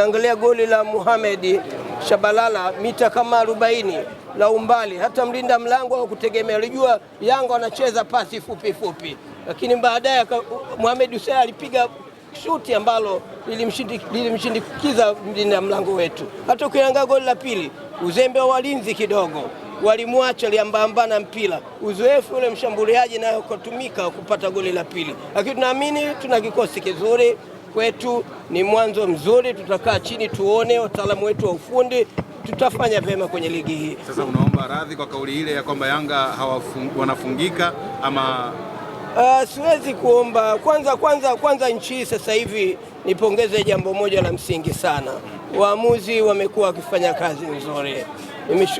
Ukiangalia goli la Mohamed Shabalala mita kama 40 la umbali, hata mlinda mlango au kutegemea, alijua Yanga wanacheza pasi fupi fupi, lakini baadaye Mohamed Hussein alipiga shuti ambalo lilimshindikiza mlinda mlango wetu. Hata ukiangalia goli la pili, uzembe wa walinzi kidogo walimwacha liambaambana mpira, uzoefu ule mshambuliaji nayo kutumika kupata goli la pili, lakini tunaamini tuna kikosi kizuri kwetu ni mwanzo mzuri. Tutakaa chini tuone, wataalamu wetu wa ufundi tutafanya vyema kwenye ligi hii. Sasa unaomba radhi kwa kauli ile ya kwamba Yanga hawafung, wanafungika ama Uh, siwezi kuomba kwanza kwanza kwanza. Nchi hii sasa hivi nipongeze jambo moja la msingi sana, waamuzi wamekuwa wakifanya kazi nzuri.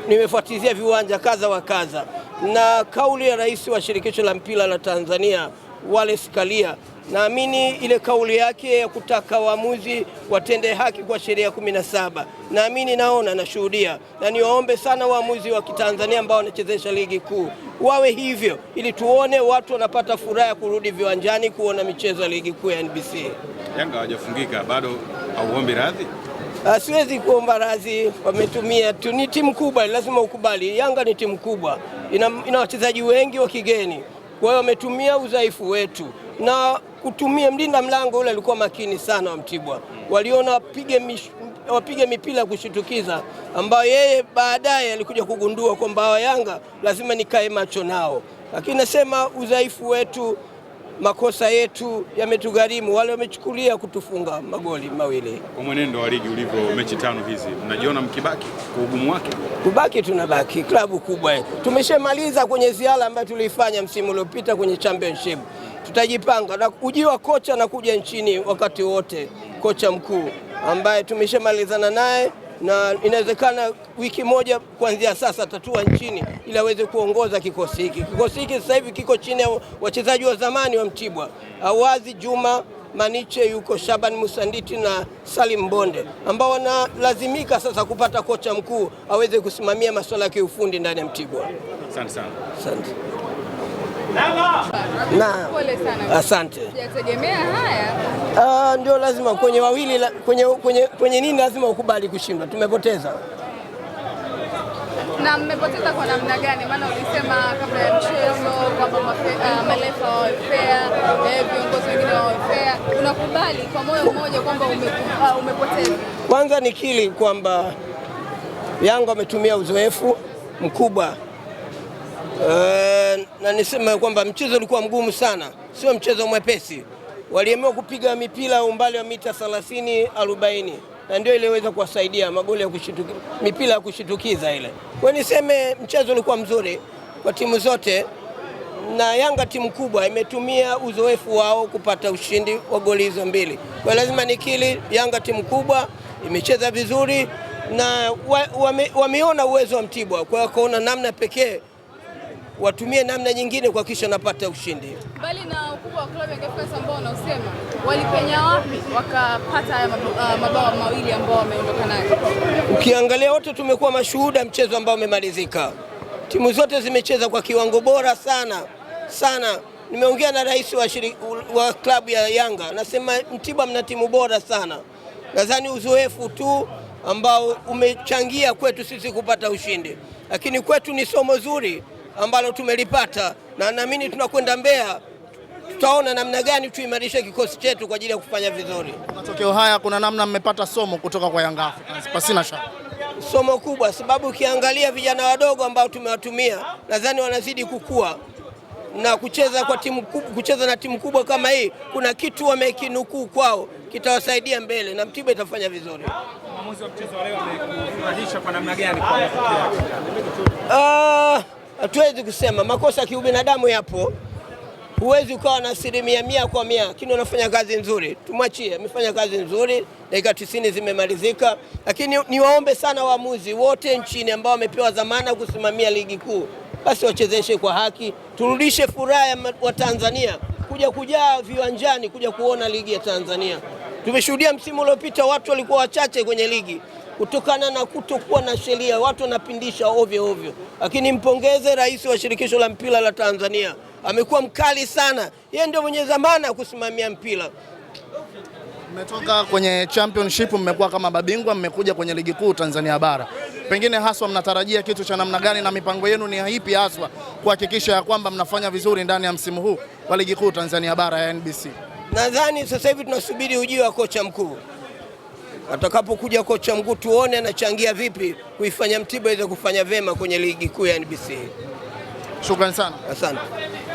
Nimefuatilia viwanja kadha wa kadha, na kauli ya rais wa shirikisho la mpira la Tanzania Wallace Karia Naamini ile kauli yake ya kutaka waamuzi watende haki kwa sheria kumi na saba naamini, naona, nashuhudia na niwaombe sana waamuzi wa Kitanzania ambao wanachezesha ligi kuu wawe hivyo, ili tuone watu wanapata furaha ya kurudi viwanjani kuona michezo ya ligi kuu ya NBC. Yanga hawajafungika bado, hauombi radhi? Ah, siwezi kuomba radhi, wametumia tu. Ni timu kubwa, lazima ukubali. Yanga ni timu kubwa, ina, ina wachezaji wengi wa kigeni, kwa hiyo wametumia udhaifu wetu na kutumia mlinda mlango yule alikuwa makini sana wa Mtibwa, waliona wapige wapige mipira kushitukiza, ambayo yeye baadaye alikuja kugundua kwamba hawa Yanga lazima nikae macho nao. Lakini nasema udhaifu wetu, makosa yetu yametugharimu, wale wamechukulia kutufunga magoli mawili. Kwa mwenendo wa ligi ulivyo, mechi tano hizi, mnajiona mkibaki kwa ugumu wake? Kubaki tunabaki, klabu kubwa. Tumeshamaliza kwenye ziara ambayo tuliifanya msimu uliopita kwenye championship tutajipanga na ujiwa kocha anakuja nchini wakati wote, kocha mkuu ambaye tumeshamalizana naye na inawezekana wiki moja kuanzia sasa tatua nchini ili aweze kuongoza kikosi hiki. Kikosi hiki sasa hivi kiko chini ya wachezaji wa zamani wa Mtibwa, Awazi Juma Maniche yuko Shaban Musanditi na Salim Bonde ambao wanalazimika sasa kupata kocha mkuu aweze kusimamia masuala ya kiufundi ndani ya Mtibwa. Asante sana. Asante. Na asante. Uh, ndio lazima kwenye wawili la, kwenye, kwenye, kwenye nini lazima ukubali kushindwa. Tumepoteza na mmepoteza kwa namna gani? Maana ulisema kabla ya mchezo kwamba uh, malefa wa fair, viongozi wengine wa fair. Unakubali kwa moyo mmoja kwamba ume, uh, umepoteza? Kwanza nikili kwamba Yanga wametumia uzoefu mkubwa uh, na niseme kwamba mchezo ulikuwa mgumu sana, sio mchezo mwepesi. Waliamua kupiga mipira umbali wa mita 30 40, na ndio iliweza kuwasaidia magoli ya kushitukiza, mipira ya kushitukiza ile. Kwa niseme mchezo ulikuwa mzuri kwa timu zote, na Yanga timu kubwa imetumia uzoefu wao kupata ushindi wa goli hizo mbili. Kwa lazima nikili, Yanga timu kubwa imecheza vizuri na wameona wa uwezo wa Mtibwa, kwa hiyo wakaona namna pekee watumie namna nyingine kuhakikisha wanapata ushindi. Mbali na ukubwa wa klabu ya KFC ambao unaosema, walipenya wapi wakapata haya ah, mabao mawili ambao wameondoka nayo? Ukiangalia wote tumekuwa mashuhuda mchezo ambao umemalizika, timu zote zimecheza kwa kiwango bora sana sana. Nimeongea na rais wa, wa klabu ya Yanga anasema Mtibwa mna timu bora sana. Nadhani uzoefu tu ambao umechangia kwetu sisi kupata ushindi, lakini kwetu ni somo zuri ambalo tumelipata, na naamini tunakwenda Mbeya, tutaona namna gani tuimarishe kikosi chetu kwa ajili ya kufanya vizuri. Matokeo haya kuna namna mmepata somo kutoka kwa Yanga Africans, pasina shaka somo kubwa, sababu ukiangalia vijana wadogo ambao tumewatumia nadhani wanazidi kukua na kucheza, kwa timu kubwa, kucheza na timu kubwa kama hii, kuna kitu wamekinukuu kwao kitawasaidia mbele na Mtibwa itafanya vizuri. Maamuzi wa mchezo leo amekufurahisha kwa namna gani? Hatuwezi kusema makosa kiubinadamu yapo, huwezi ukawa na asilimia mia kwa mia, lakini unafanya kazi nzuri, tumwachie, amefanya kazi nzuri. Dakika tisini zimemalizika, lakini niwaombe sana waamuzi wote nchini ambao wamepewa dhamana kusimamia ligi kuu, basi wachezeshe kwa haki, turudishe furaha ya Watanzania kuja kujaa viwanjani kuja kuona ligi ya Tanzania. Tumeshuhudia msimu uliopita watu walikuwa wachache kwenye ligi, kutokana na kutokuwa na sheria, watu wanapindisha ovyo ovyo. Lakini mpongeze rais wa shirikisho la mpira la Tanzania, amekuwa mkali sana, yeye ndio mwenye ya kusimamia mpira. Mmetoka kwenye championship, mmekuwa kama mabingwa, mmekuja kwenye ligi kuu Tanzania bara, pengine haswa mnatarajia kitu cha namna gani na mipango yenu ni ipi haswa kuhakikisha ya kwamba mnafanya vizuri ndani ya msimu huu wa ligi kuu Tanzania bara ya NBC? Nadhani sasa hivi tunasubiri ujio wa kocha mkuu atakapokuja kocha mkuu tuone anachangia vipi kuifanya Mtibwa iweze kufanya vyema kwenye ligi kuu ya NBC. Shukrani sana. Asante.